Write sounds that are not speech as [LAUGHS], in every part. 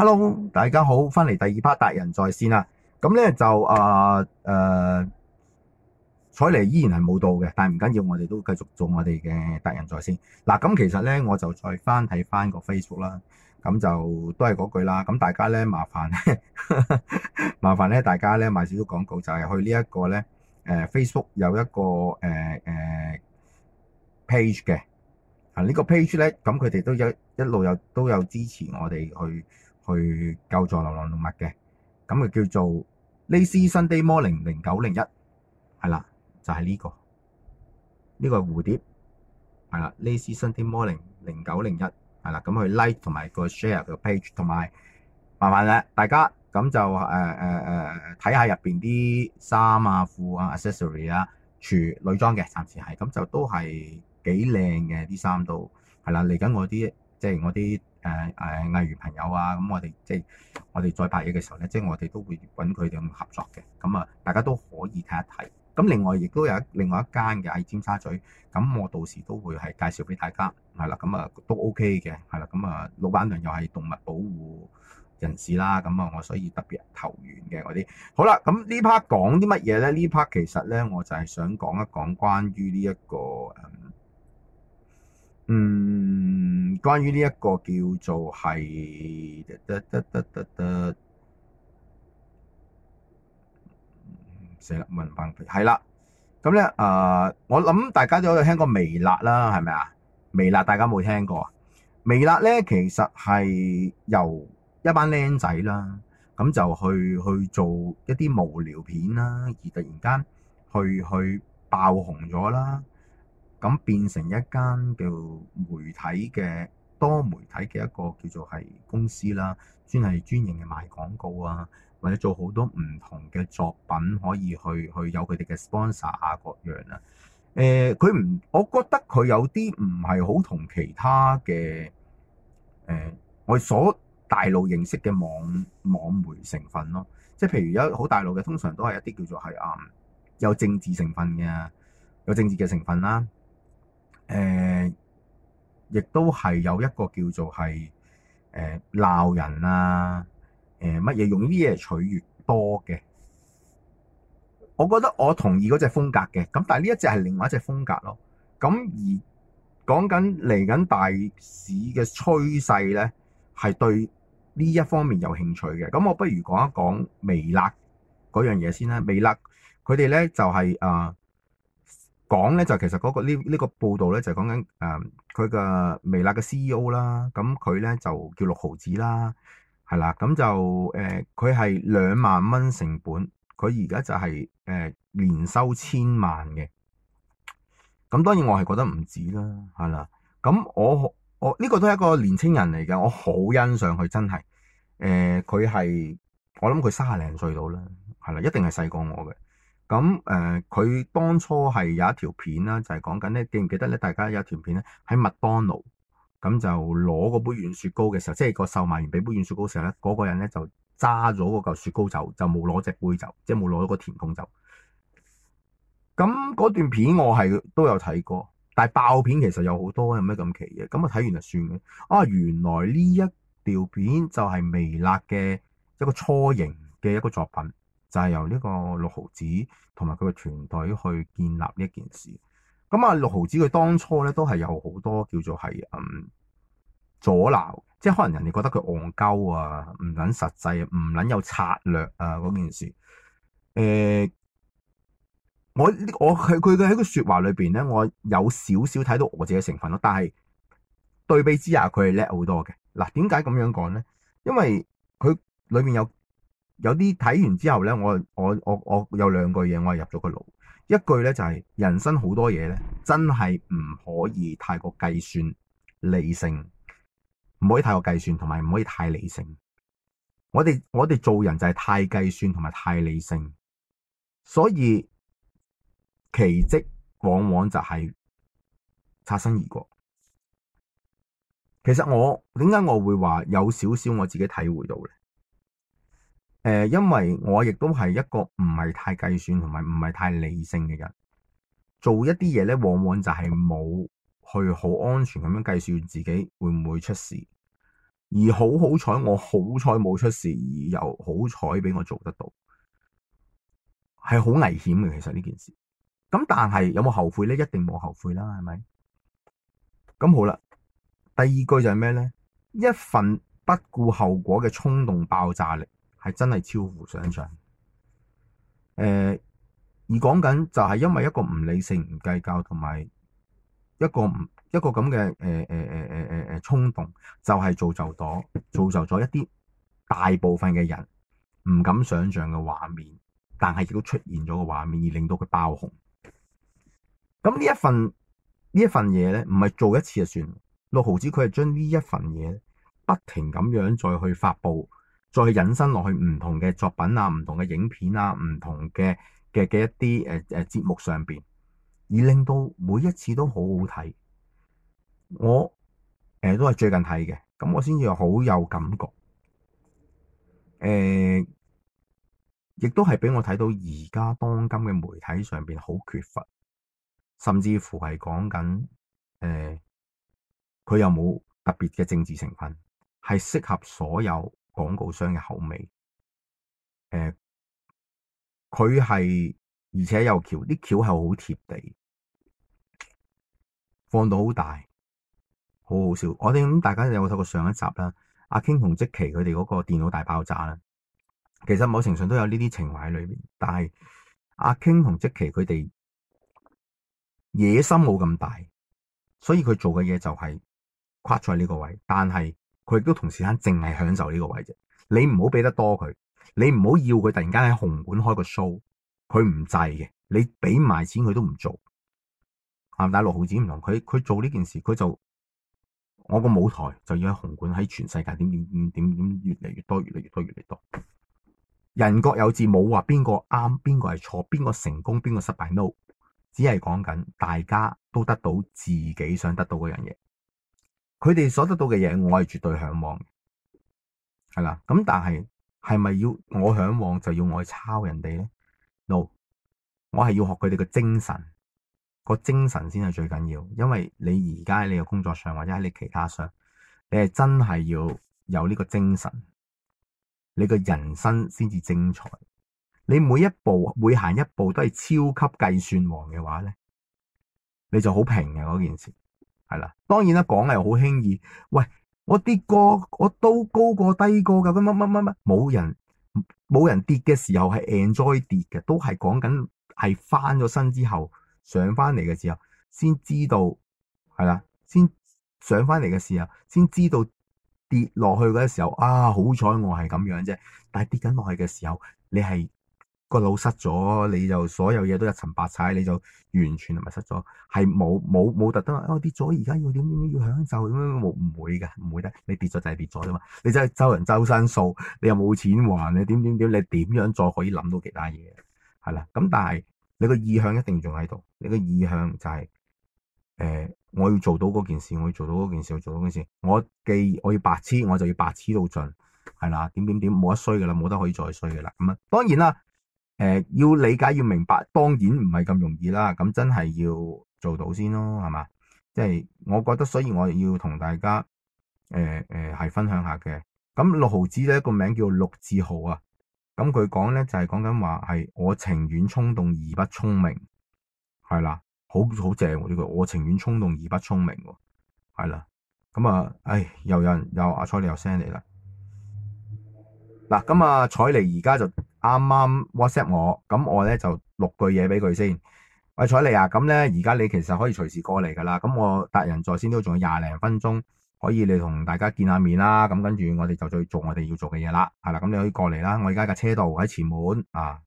Hello，大家好，翻嚟第二 part 達仁在線啦。咁咧就誒誒、呃呃、采妮依然係冇到嘅，但係唔緊要，我哋都繼續做我哋嘅達仁在線嗱。咁、啊、其實咧，我就再翻睇翻個 Facebook 啦。咁就都係嗰句啦。咁大家咧麻煩咧 [LAUGHS] 麻煩咧，大家咧買少少廣告就係、是、去呢一個咧誒 Facebook 有一個誒誒、呃呃、page 嘅啊。呢、這個 page 咧，咁佢哋都一一路有都有支持我哋去。去救助流浪,浪動物嘅，咁佢叫做 Lacy Sunday Morning 零九零一，係啦，就係、是、呢、這個，呢、這個蝴蝶，係啦 Lacy Sunday Morning 零九零一，係啦、like，咁佢 like 同埋個 share 個 page，同埋麻煩咧，大家咁就誒誒誒睇下入邊啲衫啊、褲啊,啊、accessory 啊、除、女裝嘅，暫時係，咁就都係幾靚嘅啲衫度，係啦，嚟緊我啲。即係我啲誒誒藝員朋友啊，咁我哋即係我哋再拍嘢嘅時候咧，即係我哋都會揾佢哋合作嘅。咁啊，大家都可以睇一睇。咁另外亦都有一另外一間嘅喺尖沙咀，咁我到時都會係介紹俾大家。係啦，咁啊都 OK 嘅。係啦，咁啊老闆娘又係動物保護人士啦，咁啊我所以特別投緣嘅嗰啲。好啦，咁呢 part 講啲乜嘢咧？呢 part 其實咧，我就係想講一講關於呢一個誒。嗯嗯，關於呢一個叫做係得得得得得，死啦！問返佢係啦，咁咧啊，我諗大家都有聽過微辣啦，係咪啊？微辣大家冇聽過，微辣咧其實係由一班僆仔啦，咁就去去做一啲無聊片啦，而突然間去去爆紅咗啦。咁變成一間叫媒體嘅多媒體嘅一個叫做係公司啦，專係專營嘅賣廣告啊，或者做好多唔同嘅作品可以去去有佢哋嘅 sponsor 啊各樣啊。誒、呃，佢唔，我覺得佢有啲唔係好同其他嘅誒、呃、我所大陸認識嘅網網媒成分咯。即係譬如有好大陸嘅，通常都係一啲叫做係啊有政治成分嘅，有政治嘅成分啦。誒、呃，亦都係有一個叫做係誒鬧人啊，誒乜嘢用呢啲嘢取悅多嘅。我覺得我同意嗰隻風格嘅，咁但係呢一隻係另外一隻風格咯。咁而講緊嚟緊大市嘅趨勢咧，係對呢一方面有興趣嘅。咁我不如講一講微辣嗰樣嘢先啦。微辣佢哋咧就係、是、啊～、呃講咧就其實嗰、呢個呢呢、呢個報道咧就係講緊誒佢嘅微辣嘅 CEO 啦，咁佢咧就叫六毫子啦，係啦，咁就誒佢係兩萬蚊成本，佢而家就係、係、誒、呃、年收千萬嘅，咁當然我係覺得唔止啦，係啦，咁我我呢、呢個都係一個年青人嚟嘅，我好欣賞佢真係，誒佢係我諗佢卅零歲到啦，係啦，一定係細過我嘅。咁誒，佢、呃、當初係有一條片啦，就係、是、講緊咧，記唔記得咧？大家有一條片咧，喺麥當勞咁就攞嗰杯軟雪糕嘅時候，即係個售賣員俾杯軟雪糕嘅時候咧，嗰、那個人咧就揸咗嗰嚿雪糕走，就冇攞隻杯走，即係冇攞到個甜筒走。咁嗰段片我係都有睇過，但係爆片其實有好多，有咩咁奇嘅？咁啊睇完就算嘅。啊，原來呢一條片就係微辣嘅一個初型嘅一個作品。就係由呢個六毫子同埋佢嘅團隊去建立呢一件事。咁、嗯、啊，六毫子佢當初咧都係有好多叫做係嗯阻撓，即係可能人哋覺得佢戇鳩啊，唔捻實際，唔捻有策略啊嗰件事。誒、欸，我我佢佢嘅喺個說話裏邊咧，我有少少睇到我自己嘅成分咯。但係對比之下，佢係叻好多嘅。嗱、啊，點解咁樣講咧？因為佢裏面有。有啲睇完之後咧，我我我我有兩句嘢，我係入咗個腦。一句咧就係人生好多嘢咧，真係唔可以太過計算，理性，唔可以太過計算，同埋唔可以太理性。我哋我哋做人就係太計算同埋太理性，所以奇蹟往往就係擦身而過。其實我點解我會話有少少我自己體會到咧？誒，因為我亦都係一個唔係太計算同埋唔係太理性嘅人，做一啲嘢咧，往往就係冇去好安全咁樣計算自己會唔會出事，而好好彩，我好彩冇出事，而又好彩俾我做得到，係好危險嘅，其實呢件事，咁但係有冇後悔咧？一定冇後悔啦，係咪？咁好啦，第二句就係咩咧？一份不顧後果嘅衝動爆炸力。係真係超乎想象，誒、呃！而講緊就係因為一個唔理性、唔計較同埋一個唔一個咁嘅誒誒誒誒誒誒衝動，就係、係、造就咗造就咗一啲大部分嘅人唔敢想象嘅畫面，但係亦都出現咗個畫面，而令到佢爆紅。咁、嗯、呢一份，份呢一份嘢咧，唔係做一次就算，六毫子佢係將呢一份嘢不停咁樣再去發布。再引申落去唔同嘅作品啊，唔同嘅影片啊，唔同嘅嘅嘅一啲誒誒節目上邊，而令到每一次都好好睇。我誒、呃、都係最近睇嘅，咁我先至好有感覺。誒、呃，亦都係畀我睇到而家當今嘅媒體上邊好缺乏，甚至乎係講緊誒，佢、呃、有冇特別嘅政治成分，係適合所有。廣告商嘅口味，誒、呃，佢係而且有橋，啲橋係好貼地，放到好大，好好笑。我哋咁大家有冇睇過上一集啦，阿、啊、king 同積奇佢哋嗰個電腦大爆炸啦，其實某程度上都有呢啲情懷喺裏面。但係阿、啊、king 同積奇佢哋野心冇咁大，所以佢做嘅嘢就係跨在呢個位，但係。佢亦都同時間淨係享受呢個位置，你唔好俾得多佢，你唔好要佢突然間喺紅館開個 show，佢唔制嘅，你俾埋錢佢都唔做。鹹蛋六毫子唔同，佢佢做呢件事，佢就我個舞台就要喺紅館，喺全世界點點點點點越嚟越多，越嚟越多，越嚟越多。人各有志，冇話邊個啱，邊個係錯，邊個成功，邊個失敗，no，只係講緊大家都得到自己想得到嗰樣嘢。佢哋所得到嘅嘢，我係絕對向往，係啦。咁但係係咪要我向往就要我去抄人哋咧？No，我係要學佢哋嘅精神，個精神先係最緊要。因為你而家喺你嘅工作上，或者喺你其他上，你係真係要有呢個精神，你個人生先至精彩。你每一步每行一步都係超級計算王嘅話咧，你就好平嘅嗰件事。係啦，當然啦，講又好輕易。喂，我跌過，我都高過低過㗎，乜乜乜乜，冇人冇人跌嘅時候係 enjoy 跌嘅，都係講緊係翻咗身之後上翻嚟嘅時候先知道，係啦，先上翻嚟嘅時候先知道跌落去嘅時候啊，好彩我係咁樣啫。但係跌緊落去嘅時候，你係。.個腦塞咗，你就所有嘢都一沉百踩，你就完全係迷失咗，係冇冇冇特登話、哎，我跌咗而家要點點要享受咁樣，冇唔會嘅，唔會咧，你跌咗就係跌咗啫嘛，你真係周人周身數，你又冇錢還，你點點點，你點樣再可以諗到其他嘢？係啦，咁但係你個意向一定仲喺度，你個意向就係、是、誒、呃，我要做到嗰件事，我要做到嗰件事，我要做到嗰件事，我既我要白痴，我就要白痴到盡，係啦，點點點，冇得衰噶啦，冇得可以再衰噶啦，咁啊，當然啦。誒、呃，要理解要明白，當然唔係咁容易啦。咁真係要做到先咯，係嘛？即係我覺得，所以我要同大家誒誒係分享下嘅。咁六毫子咧個名叫陸志豪啊。咁佢講咧就係講緊話係我情願衝動而不聰明，係啦，好好正呢句。這個、我情願衝動而不聰明，係啦。咁、嗯、啊，唉，又有人有有又阿采，你又 send 嚟啦。嗱，咁啊，采妮而家就。啱啱 WhatsApp 我，咁我咧就錄句嘢俾佢先。喂采妮啊，咁咧而家你其實可以隨時過嚟噶啦。咁我達仁在線都仲有廿零分鐘，可以你同大家見下面啦。咁跟住我哋就再做我哋要做嘅嘢啦。係啦，咁你可以過嚟啦。我而家架車度喺前門啊。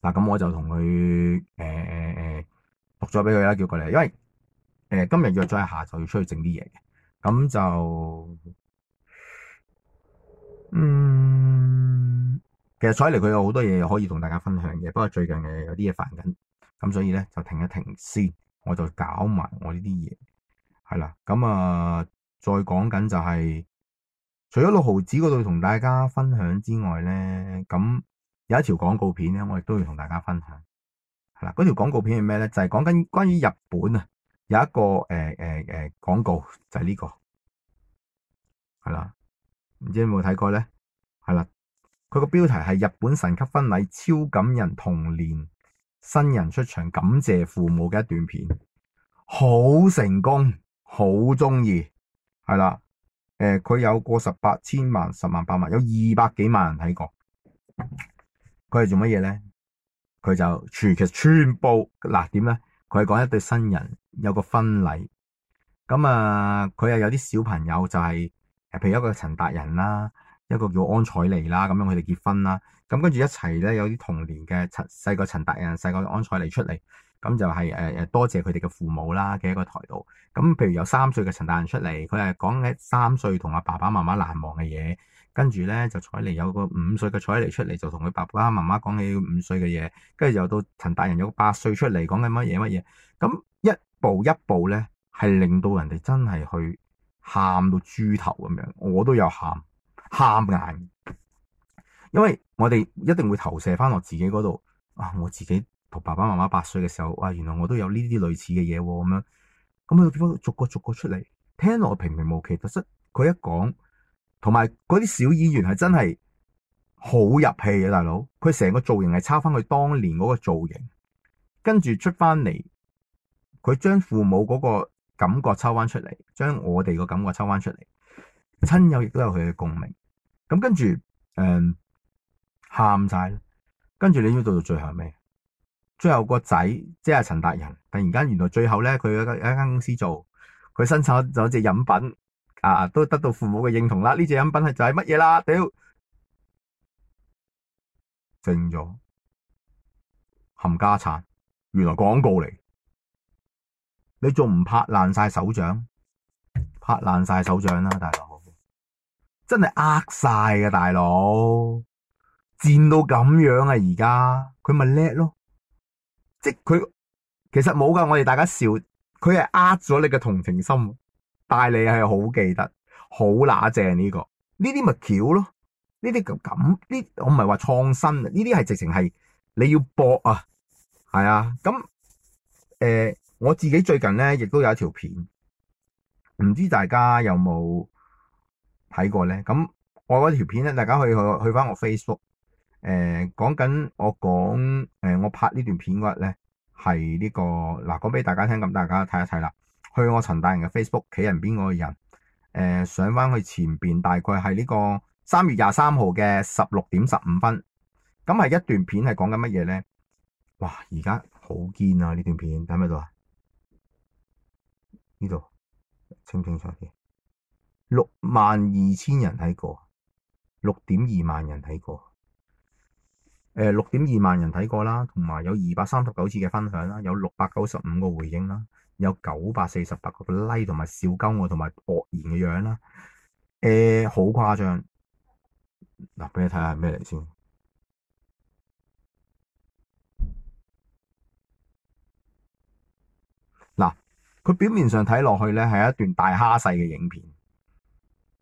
嗱，咁我就同佢誒誒讀咗俾佢啦，叫過嚟。因為誒、呃、今日約咗一下，就要出去整啲嘢嘅。咁就嗯。其實采妮佢有好多嘢可以同大家分享嘅，不過最近誒有啲嘢煩緊，咁所以咧就停一停先，我就搞埋我呢啲嘢。係啦，咁啊再講緊就係除咗六毫子嗰度同大家分享之外咧，咁有一條廣告片咧，我亦都要同大家分享，係啦，嗰條廣告片係咩咧？就係講緊關於日本啊，有一個誒誒誒廣告就係呢個，係啦，唔知有冇睇過咧？係啦。佢個標題係日本神級婚禮超感人，童年新人出場感謝父母嘅一段片，好成功，好鍾意，係啦。誒、呃，佢有過十八千萬、十萬八萬，有二百幾萬人睇過。佢係做乜嘢咧？佢就其實全部嗱點咧？佢係講一對新人有個婚禮，咁啊，佢又有啲小朋友就係，誒，譬如一個陳達仁啦。一個叫安采妮啦，咁樣佢哋結婚啦，咁跟住一齊咧，有啲童年嘅陳細個陳達仁細個安采妮出嚟，咁就係誒誒多謝佢哋嘅父母啦嘅一個台度。咁譬如有三歲嘅陳達仁出嚟，佢係講緊三歲同阿爸爸媽媽難忘嘅嘢，跟住咧，就采妮有個五歲嘅采妮出嚟，就同佢爸爸媽媽講起五歲嘅嘢，跟住又到陳達仁有個八歲出嚟講緊乜嘢乜嘢，咁一步一步咧係令到人哋真係去喊到豬頭咁樣，我都有喊。喊眼，因為我哋一定會投射翻落自己嗰度。啊，我自己同爸爸媽媽八歲嘅時候，哇，原來我都有呢啲類似嘅嘢，咁樣，咁佢點逐個逐個出嚟？聽落平平無奇，但係佢一講，同埋嗰啲小演員係真係好入戲嘅大佬，佢成個造型係抄翻佢當年嗰個造型，跟住出翻嚟，佢將父母嗰個感覺抽翻出嚟，將我哋個感覺抽翻出嚟，親友亦都有佢嘅共鳴。咁跟住，誒、嗯，喊晒啦。跟住你要到到最後係咩？最後個仔即係陳達仁，突然間原來最後咧，佢喺一間公司做，佢生產咗隻飲品，啊，都得到父母嘅認同啦。呢隻飲品係就係乜嘢啦？屌，正咗，冚家鏟，原來廣告嚟。你仲唔拍爛晒手掌，拍爛晒手掌啦，啊，大佬。真係呃晒㗎大佬，賤到咁樣啊！而家佢咪叻咯，即係佢其實冇噶，我哋大家笑佢係呃咗你嘅同情心，但係你係好記得、好乸正呢個，呢啲咪橋咯，呢啲咁呢，我唔係話創新啊，呢啲係直情係你要搏啊，係啊，咁誒、呃、我自己最近咧亦都有一條片，唔知大家有冇？睇過咧，咁我嗰條片咧，大家去去去翻我 Facebook，誒、呃、講緊我講誒、呃、我拍呢段片嗰日咧，係呢、這個嗱講俾大家聽，咁大家睇一睇啦，去我陳達仁嘅 Facebook 企人邊個人，誒、呃、上翻去前邊，大概係呢個三月廿三號嘅十六點十五分，咁係一段片係講緊乜嘢咧？哇！而家好堅啊！呢段片睇咪度啊？呢度清清楚啲。六萬二千人睇過，六點二萬人睇過，誒，六點二萬人睇過啦，同埋有二百三十九次嘅分享啦，有六百九十五個回應啦，有九百四十八個 like 同埋小金我同埋博然嘅樣啦，誒、呃、好誇張，嗱，俾你睇下咩嚟先嗱，佢表面上睇落去咧係一段大蝦細嘅影片。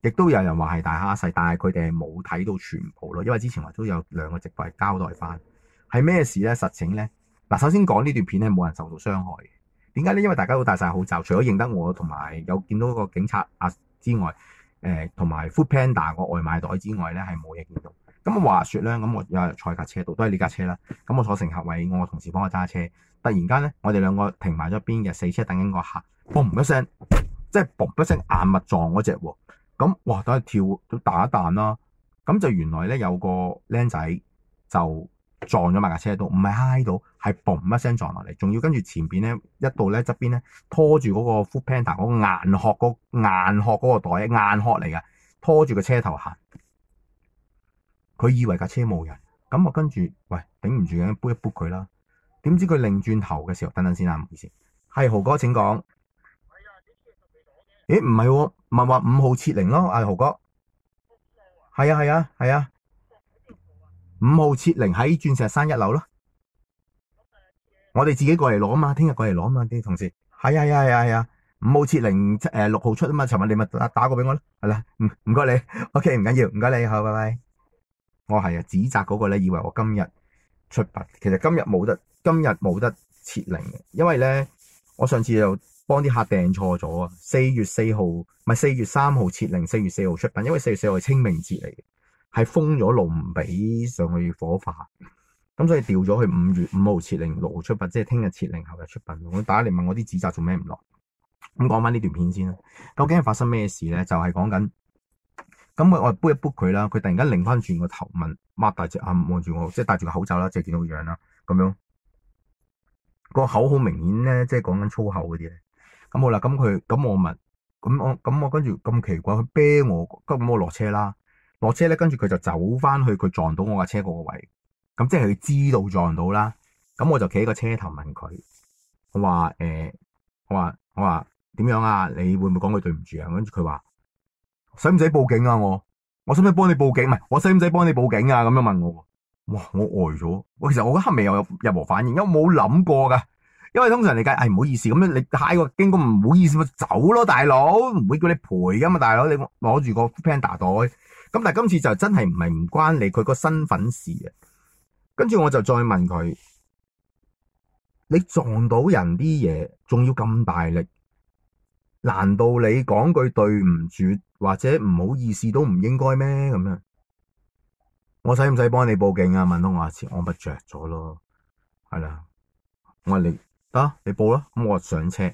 亦都有人話係大蝦細，但係佢哋冇睇到全部咯。因為之前我都有兩個直播係交代翻係咩事咧。實情咧嗱，首先講呢段片咧，冇人受到傷害嘅。點解咧？因為大家都戴晒口罩，除咗認得我同埋有見到個警察阿之外，誒、呃、同埋 food panda 個外賣袋之外咧，係冇嘢見到。咁話說咧，咁我又坐架車度都係呢架車啦。咁我坐乘客位，我同事幫我揸車。突然間咧，我哋兩個停埋咗邊嘅四車等緊個客，嘣一聲，即係嘣一聲硬物撞嗰隻喎。咁哇，都係跳都打一彈啦，咁就原來咧，有個僆仔就撞咗埋架車度，唔係揩到，係嘣一聲撞落嚟，仲要跟住前面呢呢邊咧一道咧側邊咧拖住嗰個 Foodpanda 大個硬殼，嗰個硬殼嗰個袋，硬殼嚟嘅，拖住個車頭行。佢以為架車冇人，咁啊跟喂住喂頂唔住嘅，撥一撥佢啦。點知佢擰轉頭嘅時候，等等先啦，啊，唔好意思，係豪哥請講。誒，唔係，咪話五號設靈咯，阿豪哥，係啊係啊係啊，五號設靈喺鑽石山一樓咯，我哋自己過嚟攞啊嘛，聽日過嚟攞啊嘛，啲同事，係啊係啊係啊，五號設靈誒六號出啊嘛，尋日你咪打打過俾我咯，係啦，唔唔該你，O K 唔緊要，唔該你，好，拜拜。我係啊，指責嗰個咧，以為我今日出殯，其實今日冇得，今日冇得設靈嘅，因為咧我上次又。幫啲客訂錯咗啊！四月四號唔係四月三號撤零，四月四號出品，因為四月四號係清明節嚟，係封咗路唔俾上去火化，咁所以調咗去五月五號撤零，六號出品，即係聽日撤零後日出品。我打嚟問我啲紙紮做咩唔落，咁講翻呢段片先啦。究竟係發生咩事咧？就係講緊咁，我我撥一撥佢啦，佢突然間擰翻轉個頭問，擘大隻眼望住我，即係戴住個口罩啦，即係見到個樣啦，咁樣個口好明顯咧，即係講緊粗口嗰啲咧。咁好啦，咁佢，咁我問，咁我、so，咁我跟住咁奇怪，佢啤我，咁我落車啦，落車咧，跟住佢就走翻去，佢撞到我架車嗰個位，咁即係佢知道撞到啦，咁我就企喺個車頭問佢，我話，誒，我話，我話點樣啊？你會唔會講句對唔住啊？跟住佢話，使唔使報警啊？我，我使唔使幫你報警？唔係，我使唔使幫你報警啊？咁樣問我，哇，我呆咗，我其實我啱未有任何反應，有冇諗過噶？因為通常你計，哎唔好意思咁樣，你嗨個經紀唔好意思，咪走咯，大佬唔會叫你賠噶嘛，大佬你攞住個 Panda 袋，咁但係今次就真係唔係唔關你，佢個身份事啊，跟住我就再問佢，你撞到人啲嘢仲要咁大力，難道你講句對唔住或者唔好意思都唔應該咩咁樣？我使唔使幫你報警啊？問到我一次，我咪着咗咯，係啦，我話你。得，你報啦，咁、嗯、我就上車，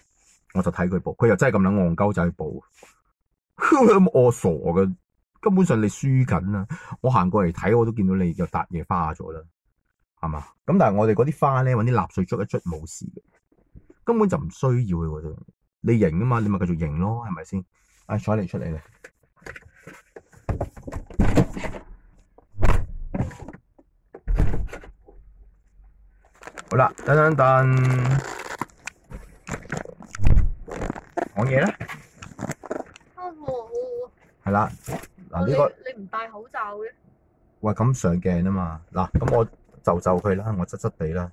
我就睇佢報，佢又真係咁捻戇鳩仔報、 [LAUGHS] 嗯，我傻嘅，根本上你輸緊啦，我行過嚟睇，我都見到你又搭嘢花咗啦，係嘛？咁、嗯、但係我哋嗰啲花咧，揾啲蠟水捽一捽冇事，根本就唔需要嘅，你贏啊嘛，你咪繼續贏咯，係咪先？唉，采妮出嚟啦！好啦，等，噔噔、oh, 的，講嘢咧，係啦，這個，嗱呢個你唔戴口罩嘅，喂咁上鏡啊嘛，嗱，啊、咁我就就佢啦，我窒窒地啦，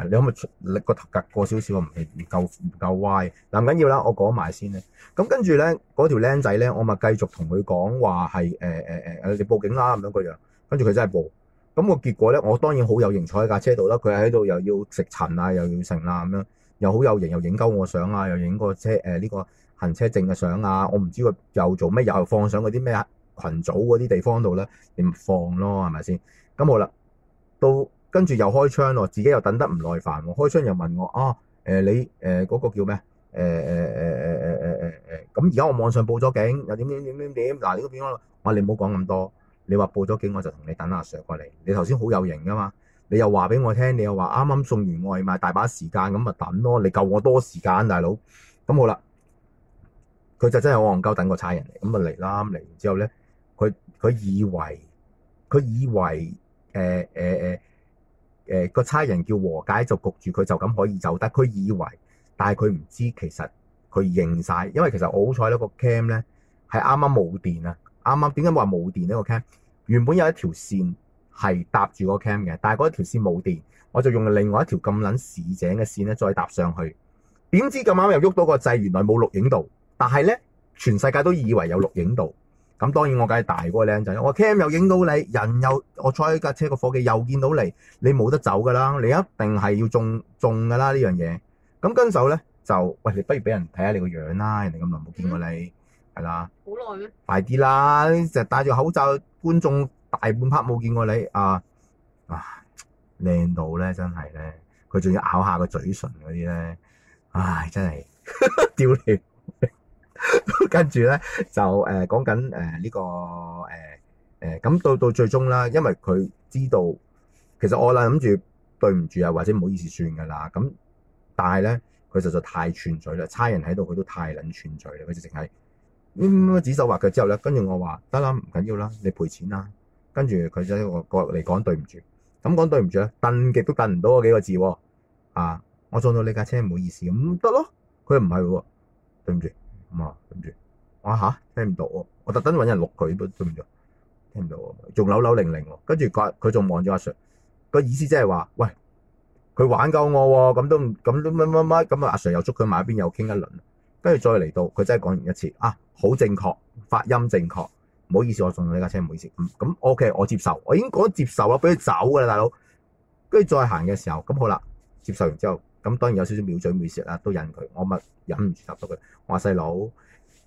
你可唔可以出你個頭隔過少少，唔係唔夠唔夠歪，唔緊要啦，我講埋先啊。咁跟住咧，嗰條僆仔咧，我咪繼續同佢講話係誒誒誒，你報警啦咁樣佢就，跟住佢真係報。咁個結果咧，我當然好有型坐喺架車度啦。佢喺度又要食塵啊，又要剩啊，咁樣又好有型，又影鳩我相啊，又影個車誒呢個行車證嘅相啊。我唔知佢又做咩，又放上嗰啲咩群組嗰啲地方度咧，你咪放咯？係咪先？咁好啦到跟住又開窗喎，自己又等得唔耐煩喎，開窗又問我啊誒你誒嗰個叫咩誒誒誒誒誒誒誒咁而家我網上報咗警，又點點點點點嗱呢個地方，我話你唔好講咁多。你話報咗警我就同你等阿 Sir 過嚟。你頭先好有型噶嘛？你又話畀我聽，你又話啱啱送完外賣，大把時間咁咪等咯。你救我多時間，大佬。咁好啦，佢就真係好戇鳩，等個差人嚟。咁咪嚟啦，嚟完之後咧，佢佢以為佢以為誒誒誒誒個差人叫和解就焗住佢就咁可以走得。佢以為，但係佢唔知其實佢認晒，因為其實我好彩咧個 cam 咧係啱啱冇電啊。啱啱點解話冇電呢個 cam？原本有一條線係搭住個 cam 嘅，但係嗰一條線冇電，我就用另外一條咁撚市井嘅線咧再搭上去。點知咁啱又喐到個掣，原來冇錄影度。但係咧，全世界都以為有錄影度。咁當然我梗係大嗰個靚仔。我 cam 又影到你，人又我坐喺架車個夥計又見到你，你冇得走㗎啦！你一定係要中中㗎啦呢樣嘢。咁跟手咧就，喂，你不如俾人睇下你個樣啦，人哋咁耐冇見過你。係啦，好耐咩？快啲啦！就戴住口罩觀眾，觀眾大半拍冇見過你啊！啊，靚到咧，真係咧，佢仲要咬下個嘴唇嗰啲咧，唉，真係屌你！ [LAUGHS] [LAUGHS] 跟住咧就誒講緊誒呢個誒誒，咁、呃呃呃、到到最終啦，因為佢知道，其實我啦諗住對唔住啊，或者唔好意思算噶啦。咁但係咧，佢實在太串嘴啦，差人喺度佢都太捻串嘴啦，佢直淨係。唔指手畫腳之後咧，跟住我話得啦，唔緊要啦，你賠錢啦。跟住佢就喺我隔嚟講對唔住，咁講對唔住咧，凳極都凳唔到嗰幾個字喎。啊，我撞到呢架車唔好意思咁得、嗯、咯，佢唔係喎，對唔住咁啊，對唔住。我吓，聽唔到喎，我特登揾人錄佢，都對唔住，聽唔到喎，仲扭扭零零喎。跟住佢佢仲望住阿 Sir，個意思即係話，喂，佢玩鳩我喎，咁都咁都乜乜乜，咁阿 Sir 又捉佢埋一邊又傾一輪。跟住再嚟到，佢真係講完一次啊，好正確，發音正確。唔好意思，我送你架車，唔好意思。咁，OK，我接受，我已經講接受啦，俾佢走㗎啦，大佬。跟住再行嘅時候，咁、嗯、好啦，接受完之後，咁、嗯、當然有少少藐嘴藐舌啦，都忍佢，我咪忍唔住答到佢。我話細佬，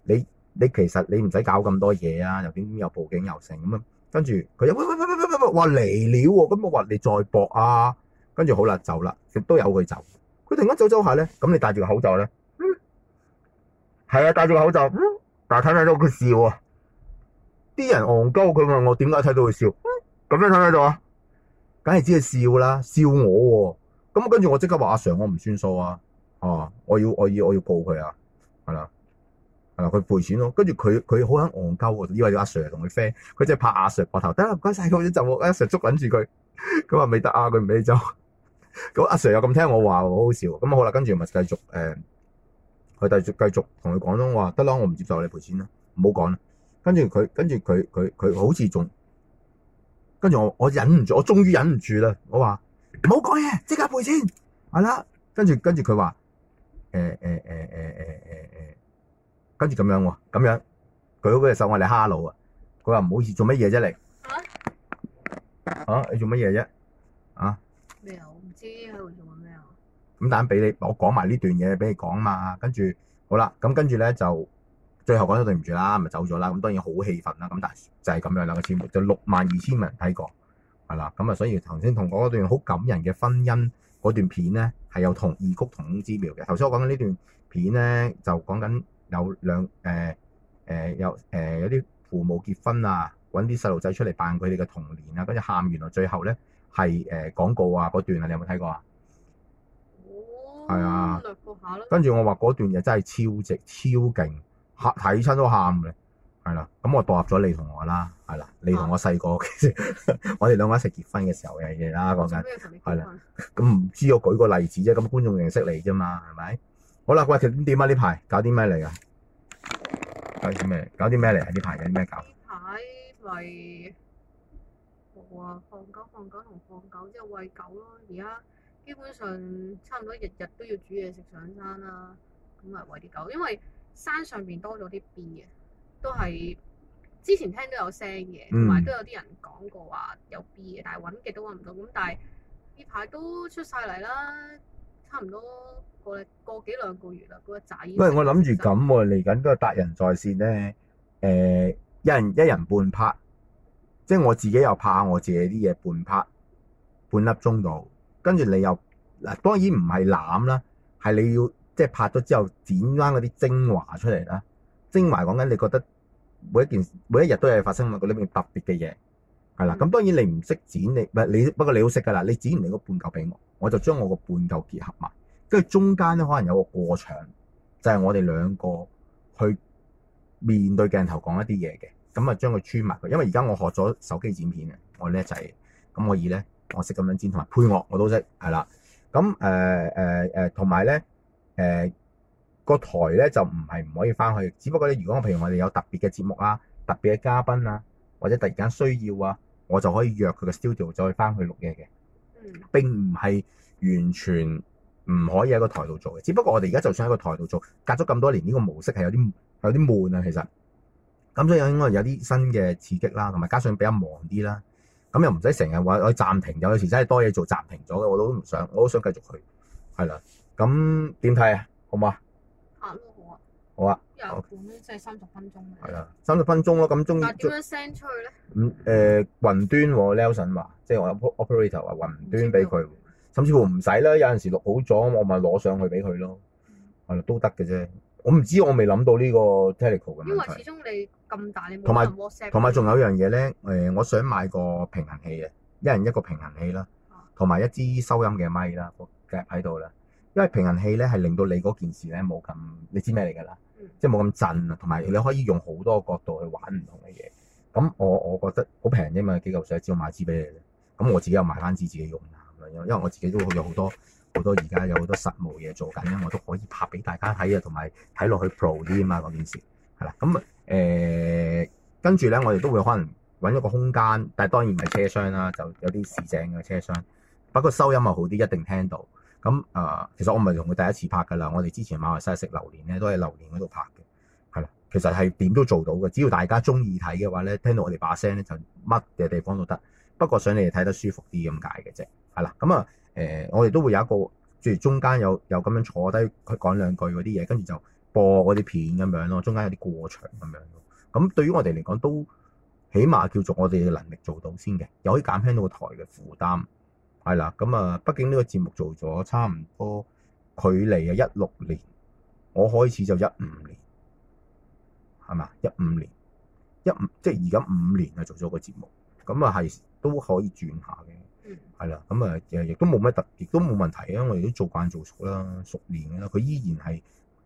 你你其實你唔使搞咁多嘢啊，又點又報警又成咁樣。跟住佢又，喂喂喂喂喂喂，話嚟了喎。咁、嗯、我話你再搏啊。跟住好啦，走啦，亦都由佢走。佢突然間走走下咧，咁你戴住個口罩咧。呢係啊，戴住個口罩，但係睇睇到佢笑啊！啲人戇鳩，佢問我點解睇到佢笑？咁、嗯、樣睇睇到啊，梗係只係笑啦，笑我喎、啊！咁跟住我即刻話阿 sir，我唔算數啊！啊，我要我要我要報佢啊！係啦、啊，係啦、啊，佢賠錢咯、啊。跟住佢佢好肯戇鳩喎，以為阿 sir 同佢 friend，佢即係拍阿 sir 膊頭，得啦，唔該晒，佢要走我，一我一，阿 sir 捉緊住佢，佢話未得啊，佢唔俾你走。咁 [LAUGHS] 阿 sir 又咁聽我話，好好笑。咁啊好啦，跟住咪繼續誒。佢繼續繼續同佢講咯，我話得啦，我唔接受你賠錢啦，唔好講啦。跟住佢，跟住佢，佢佢好似仲跟住我，我忍唔住，我終於忍唔住啦。我話唔好講嘢，即刻賠錢係啦。跟住跟住佢話，誒誒誒誒誒誒誒，跟住咁、欸欸欸欸欸欸、樣喎，咁樣舉嗰隻手我哋哈佬啊。佢話唔好意思做乜嘢啫，你啊啊，你做乜嘢啫啊？咩啊？我唔知喺度做乜。咁但係俾你，我講埋呢段嘢俾你講嘛，跟住好啦，咁跟住咧就最後講咗對唔住啦，咪走咗啦。咁當然好氣憤啦，咁但係就係咁樣兩個節目，就六萬二千人睇過係啦。咁啊，所以頭先同嗰段好感人嘅婚姻嗰段片咧，係有同異曲同工之妙嘅。頭先我講緊呢段片咧，就講緊有兩誒誒、欸、有誒、欸、有啲父母結婚啊，揾啲細路仔出嚟扮佢哋嘅童年啊，跟住喊，完啦最後咧係誒廣告啊嗰段啊，你有冇睇過啊？係啊，嗯、跟住我話嗰段嘢，真係超直超勁，吓睇親都喊嘅。係啦、啊。咁我代入咗你同我啦，係啦、啊。你同我細個，其實 [LAUGHS] 我哋兩個一齊結婚嘅時候嘅嘢啦，講緊係啦。咁唔知我舉個例子啫，咁觀眾認識你啫嘛，係咪？好啦，喂，點啊？呢排搞啲咩嚟噶？搞啲咩？搞啲咩嚟啊？呢排有啲咩搞？呢排咪冇啊，放狗放狗同放狗即係喂狗咯，而家。基本上差唔多日日都要煮嘢食上山啦，咁啊餵啲狗，因為山上邊多咗啲 B 嘅，都係之前聽都有聲嘅，同埋都有啲人講過話有 B 嘅，但係揾極都揾唔到咁。但係呢排都出晒嚟啦，差唔多過個幾兩個月啦，個仔，紮。喂，我諗住咁嚟緊，都係達仁在線咧，誒、呃、一人一人半拍，即係我自己又拍下我自己啲嘢半拍半粒鐘度。跟住你又嗱，當然唔係攬啦，係你要即係、就是、拍咗之後剪翻嗰啲精華出嚟啦。精華講緊你覺得每一件每一日都有嘢發生嘛，嗰啲特別嘅嘢係啦。咁當然你唔識剪，你唔你不過你好識㗎啦。你剪完你嗰半嚿俾我，我就將我個半嚿結合埋，跟住中間咧可能有個過場，就係、是、我哋兩個去面對鏡頭講一啲嘢嘅。咁啊將佢埋密，因為而家我學咗手機剪片啊，我叻仔，咁我以咧。我識咁樣煎，同埋配樂我都識，係啦。咁誒誒誒，同埋咧誒個台咧就唔係唔可以翻去。只不過咧，如果譬如我哋有特別嘅節目啦、啊、特別嘅嘉賓啊，或者突然間需要啊，我就可以約佢嘅 studio 再翻去錄嘢嘅。嗯。並唔係完全唔可以喺個台度做嘅。只不過我哋而家就算喺個台度做，隔咗咁多年，呢、呢個模式係有啲有啲悶啊，其實。咁所以應該有啲新嘅刺激啦、啊，同埋加上比較忙啲啦、啊。咁又唔使成日話我暫停，有陣時真係多嘢做暫停咗嘅，我都唔想，我都想繼續去，係啦。咁點睇啊？好嘛？啊 Hello. 好啊。好啊。廿即係三十分鐘。係啦，三十分鐘咯。咁中。但係點樣 send 出去咧？咁誒雲端 Nelson 話即係我 operator 話雲端俾佢，甚至乎唔使啦。有陣時錄好咗，我咪攞上去俾佢咯，係啦、嗯、都得嘅啫。我唔知，我未諗到呢個 technical 嘅問題。因為始終你咁大，你冇人 WhatsApp。同埋仲有一樣嘢咧，誒、呃，我想買個平衡器嘅，一人一個平衡器啦，同埋、啊、一支收音嘅咪啦，夾喺度啦。因為平衡器咧係令到你嗰件事咧冇咁，你知咩嚟㗎啦？嗯、即係冇咁震啊，同埋你可以用好多角度去玩唔同嘅嘢。咁我我覺得好平啫嘛，幾嚿水，只要買支俾你咧。咁我自己又買翻支自己用啦，因為因為我自己都會有好多。好多而家有好多實務嘢做緊，我都可以拍俾大家睇啊，同埋睇落去 pro 啲啊嘛，嗰件事係啦，咁誒跟住咧，我哋都會可能揾一個空間，但係當然唔係車廂啦，就有啲市井嘅車廂。不過收音啊好啲，一定聽到。咁啊、呃，其實我唔係同佢第一次拍噶啦，我哋之前馬來西亞食榴蓮咧，都係榴蓮嗰度拍嘅，係啦。其實係點都做到嘅，只要大家中意睇嘅話咧，聽到我哋把聲咧就乜嘢地方都得。不過想你哋睇得舒服啲咁解嘅啫，係啦。咁、嗯、啊，誒、嗯，我哋都會有一個，即係中間有有咁樣坐低，佢講兩句嗰啲嘢，跟住就播嗰啲片咁樣咯。中間有啲過場咁樣，咁、嗯、對於我哋嚟講都起碼叫做我哋嘅能力做到先嘅，又可以減輕到台嘅負擔，係啦。咁啊、嗯嗯，畢竟呢個節目做咗差唔多距離啊，一六年我開始，就一五年係嘛？一五年，一五即係而家五年啊，做咗個節目，咁啊係。嗯都可以轉下嘅，係啦、嗯，咁啊，亦亦都冇乜特別，亦都冇問題啊！因為我哋都做慣做熟啦，熟練嘅啦。佢依然係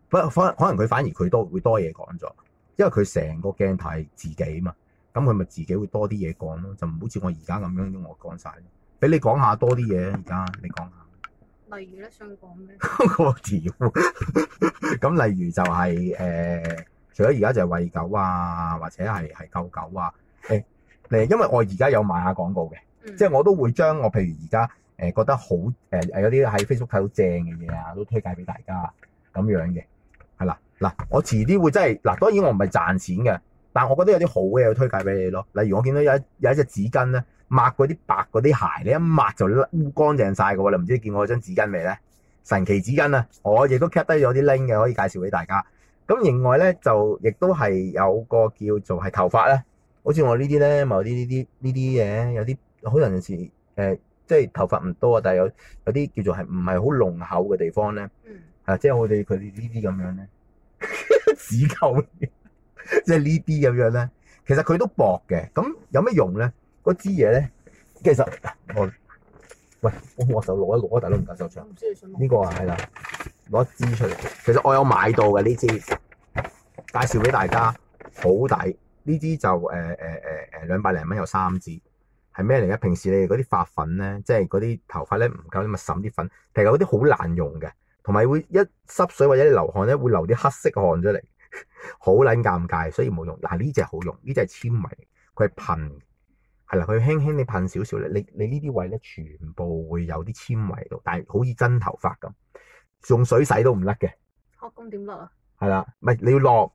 不反可能佢反而佢都會多嘢講咗，因為佢成個鏡頭係自己嘛，咁佢咪自己會多啲嘢講咯，就唔好似我而家咁樣我講晒，俾你講下多啲嘢。而家你講下，例如咧想講咩？個字咁，例如就係、是、誒、呃，除咗而家就係餵狗啊，或者係係救狗啊，誒、欸。因為我而家有賣下廣告嘅，嗯、即係我都會將我譬如而家誒覺得好誒誒有啲喺 Facebook 睇到正嘅嘢啊，都推介俾大家咁樣嘅，係啦，嗱，我遲啲會真係嗱，當然我唔係賺錢嘅，但係我覺得有啲好嘅嘢推介俾你咯。例如我見到有一有一隻紙巾咧，抹嗰啲白嗰啲鞋你一抹就污乾淨曬㗎喎，你唔知見我張紙巾未咧？神奇紙巾啊，我亦都 cut 低咗啲 link 嘅，可以介紹俾大家。咁另外咧就亦都係有個叫做係頭髮咧。好似我呢啲咧，某啲呢啲呢啲嘢，有啲可能有時誒、呃，即係頭髮唔多、嗯、啊，但係有有啲叫做係唔係好濃厚嘅地方咧，係即係我哋佢哋呢啲咁樣咧，只夠 [LAUGHS] 紫豆，即係呢啲咁樣咧，其實佢都薄嘅，咁有咩用咧？嗰支嘢咧，其實我喂，我手攞一攞啊，大佬唔夠手長，呢、呢個啊係啦，攞一支出嚟，其實我有買到嘅呢支，介紹俾大家，好抵。呢支就誒誒誒誒兩百零蚊有三支，係咩嚟嘅？平時你嗰啲髮粉咧，即係嗰啲頭髮咧唔夠，你咪滲啲粉，其實嗰啲好難用嘅，同埋會一濕水或者流汗咧會流啲黑色汗出嚟，好 [LAUGHS] 撚尷尬，所以冇用。嗱呢隻好用，呢隻係纖維，佢係噴，係啦，佢輕輕地噴少少咧，你你呢啲位咧全部會有啲纖維喺度，但係好似真頭髮咁，用水洗都唔甩嘅。咁點甩啊？係啦，唔你要落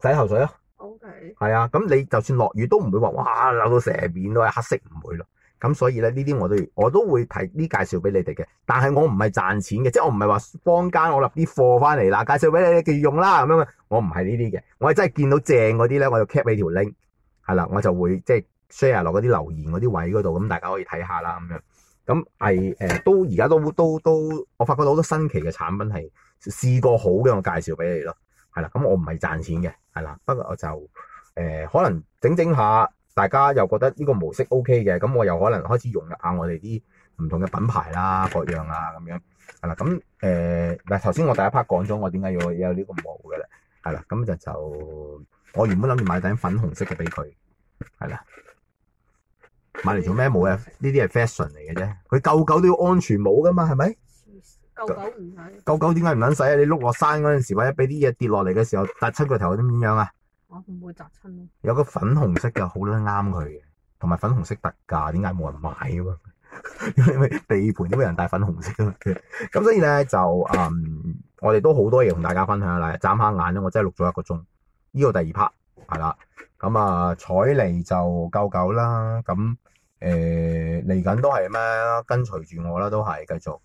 洗頭水咯。OK，係啊，咁 Okay. 你就算落雨都唔會話，哇，流到成面都係黑色，唔會咯。咁所以咧，呢啲我都我都會提呢介紹俾你哋嘅。但係我唔係賺錢嘅，即係我唔係話坊間我立啲貨翻嚟啦，介紹俾你哋用啦，咁樣我唔係呢啲嘅，我係真係見到正嗰啲咧，我就 cap 你條 link，係啦，我就會即係 share 落嗰啲留言嗰啲位嗰度，咁大家可以睇下啦，咁樣。咁係誒，都而家都都都，我發覺到好多新奇嘅產品係試過好嘅，我介紹俾你咯。係啦，咁我唔係賺錢嘅，係啦。不過我就誒、呃，可能整整下，大家又覺得呢個模式 OK 嘅，咁我又可能開始融入下我哋啲唔同嘅品牌啦，各樣啦、啊。咁樣，係啦。咁誒，唔係頭先我第一 part 講咗，我點解要有呢個帽嘅咧？係啦，咁就就我原本諗住買頂粉紅色嘅俾佢，係啦，買嚟做咩帽嘅？呢啲係 fashion 嚟嘅啫，佢舊舊都要安全帽噶嘛，係咪？狗狗唔使，狗狗點解唔撚使啊？你碌落山嗰陣時，或者俾啲嘢跌落嚟嘅時候，突出個頭點樣啊？我唔會砸親。有個粉紅色嘅，好多啱佢嘅，同埋粉紅色特價，點解冇人買啊？因 [LAUGHS] 為地盤都冇人帶粉紅色咁 [LAUGHS] 所以咧就，嗯，我哋都好多嘢同大家分享啦，眨下眼啦，我真係錄咗一個鐘，呢個第二 part 係啦。咁啊，采妮就救狗啦，咁誒嚟緊都係咩？跟隨住我啦，都係繼續。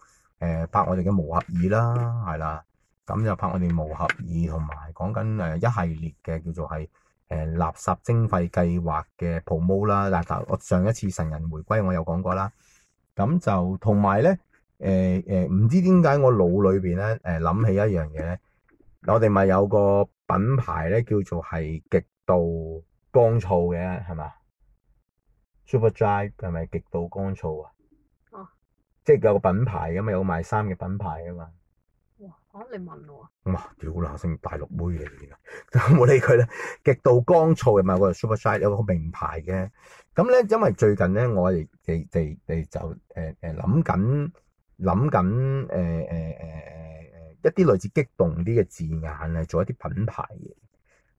誒拍我哋嘅無合二啦，係啦，咁就拍我哋無合二同埋講緊誒一系列嘅叫做係誒垃圾徵費計劃嘅 promote 啦。嗱，我上一次成人回歸，我有講過啦。咁就同埋咧，誒誒唔知點解我腦裏邊咧誒諗起一樣嘢咧，我哋咪有個品牌咧叫做係極度乾燥嘅，係嘛？Superdry 係咪極度乾燥啊？即有個品牌咁啊，有賣衫嘅品牌啊嘛。哇！嚇你問我啊？哇！屌，男性大陸妹嚟嘅，冇理佢啦。極度乾燥又我個 Superdry 有個名牌嘅。咁、嗯、咧，因為最近咧，我哋哋哋哋就誒誒諗緊諗緊誒誒誒誒誒一啲類似激動啲嘅字眼啊，做一啲品牌嘅。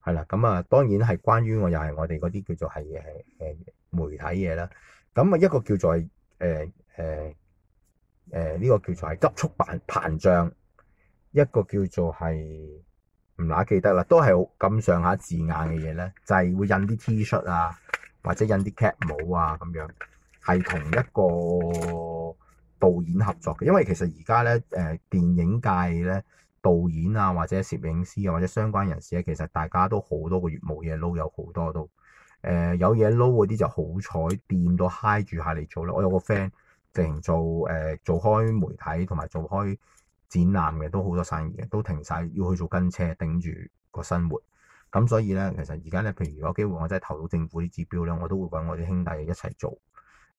係啦，咁、嗯、啊，當然係關於我又係我哋嗰啲叫做係係誒媒體嘢啦。咁、嗯、啊，一個叫做誒誒。呃呃呃誒呢、呃這個叫做係急速膨膨脹，一個叫做係唔乸記得啦，都係好咁上下字眼嘅嘢咧，就係、是、會印啲 T 恤啊，或者印啲 cap 帽啊咁樣，係同一個導演合作嘅。因為其實而家咧，誒、呃、電影界咧，導演啊，或者攝影師啊，或者相關人士咧、啊，其實大家都好多個月冇嘢撈，有好多都誒有嘢撈嗰啲就好彩掂到嗨住下嚟做啦。我有個 friend。做誒、呃、做開媒體同埋做開展覽嘅都好多生意嘅，都停晒，要去做跟車頂住個生活。咁所以咧，其實而家咧，譬如如果有機會，我真係投到政府啲指標咧，我都會揾我啲兄弟一齊做，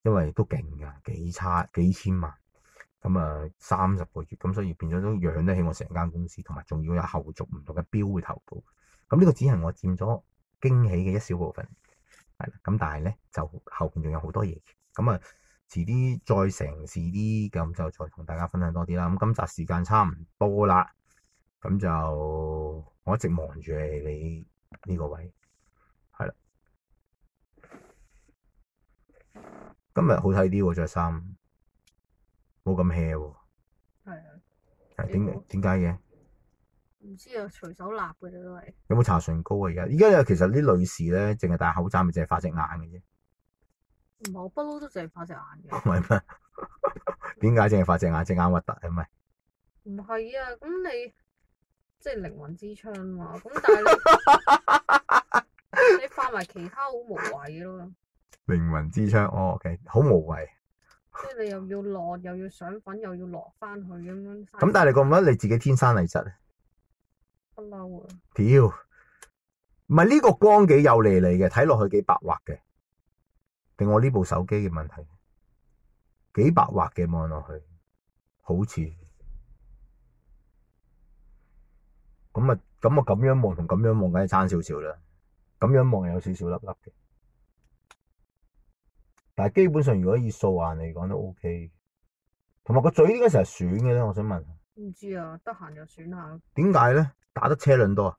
因為都勁㗎，幾差幾千萬。咁、嗯、啊，三十個月，咁、嗯、所以變咗都養得起我成間公司，同埋仲要有後續唔同嘅標會投到。咁、嗯、呢、呢個只係我佔咗驚喜嘅一小部分，係咁、嗯、但係咧，就後邊仲有好多嘢咁啊～、嗯嗯遲啲再成事啲咁就再同大家分享多啲啦。咁今集時間差唔多啦，咁就我一直忙住誒，你呢個位係啦。今日好睇啲喎，着衫冇咁 hea 喎。係啊，點點解嘅？唔知啊，隨手立嘅啫，都係。有冇搽唇膏啊？而家而家其實啲女士咧，淨係戴口罩咪淨係發隻眼嘅啫。唔係，我不嬲都淨係畫隻眼嘅。唔係咩？點解淨係畫隻眼？隻眼核突，係咪？唔係啊，咁你即係靈魂之窗嘛。咁但係你畫埋 [LAUGHS] 其他好無謂咯。靈魂之窗，哦，oh，OK，好無謂。 [LAUGHS] 即係你又要落，又要上粉，又要落翻去咁樣去。咁但係你覺唔覺得你自己天生麗質咧？ [LAUGHS] 不嬲啊！屌，唔係呢個光幾有利嚟嘅，睇落去幾白滑嘅。定我呢部手機嘅問題幾百滑嘅，望落去，好似咁啊咁啊，咁樣望同咁樣望梗係差少少啦。咁樣望有少少粒粒嘅，但係基本上如果以素顏嚟講都 OK。同埋個嘴點解成日損嘅咧？我想問，問。唔知啊，得閒就損下。點解咧？打得車輪多啊。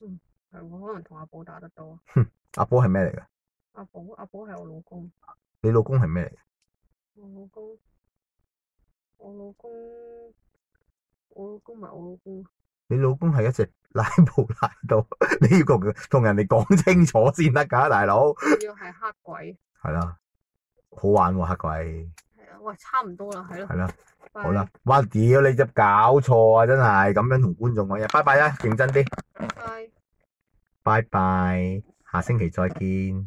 嗯，係喎，可能同阿波打得多。哼， [LAUGHS] 阿波係咩嚟嘅？阿寶，阿寶係我老公。你老公係咩？我老公，我老公，我老公咪我老公。你老公係一隻拉布拉多， [LAUGHS] 你要同同人哋講清楚先得噶，大佬。要係黑鬼。係啦，好玩喎、啊、黑鬼。係啊，喂，差唔多啦，係咯。係啦的，Bye 好啦。哇屌，你只搞錯啊！真係咁樣同觀眾講嘢，拜拜啦，啊，認真啲。拜拜 Bye，拜拜，下星期再見。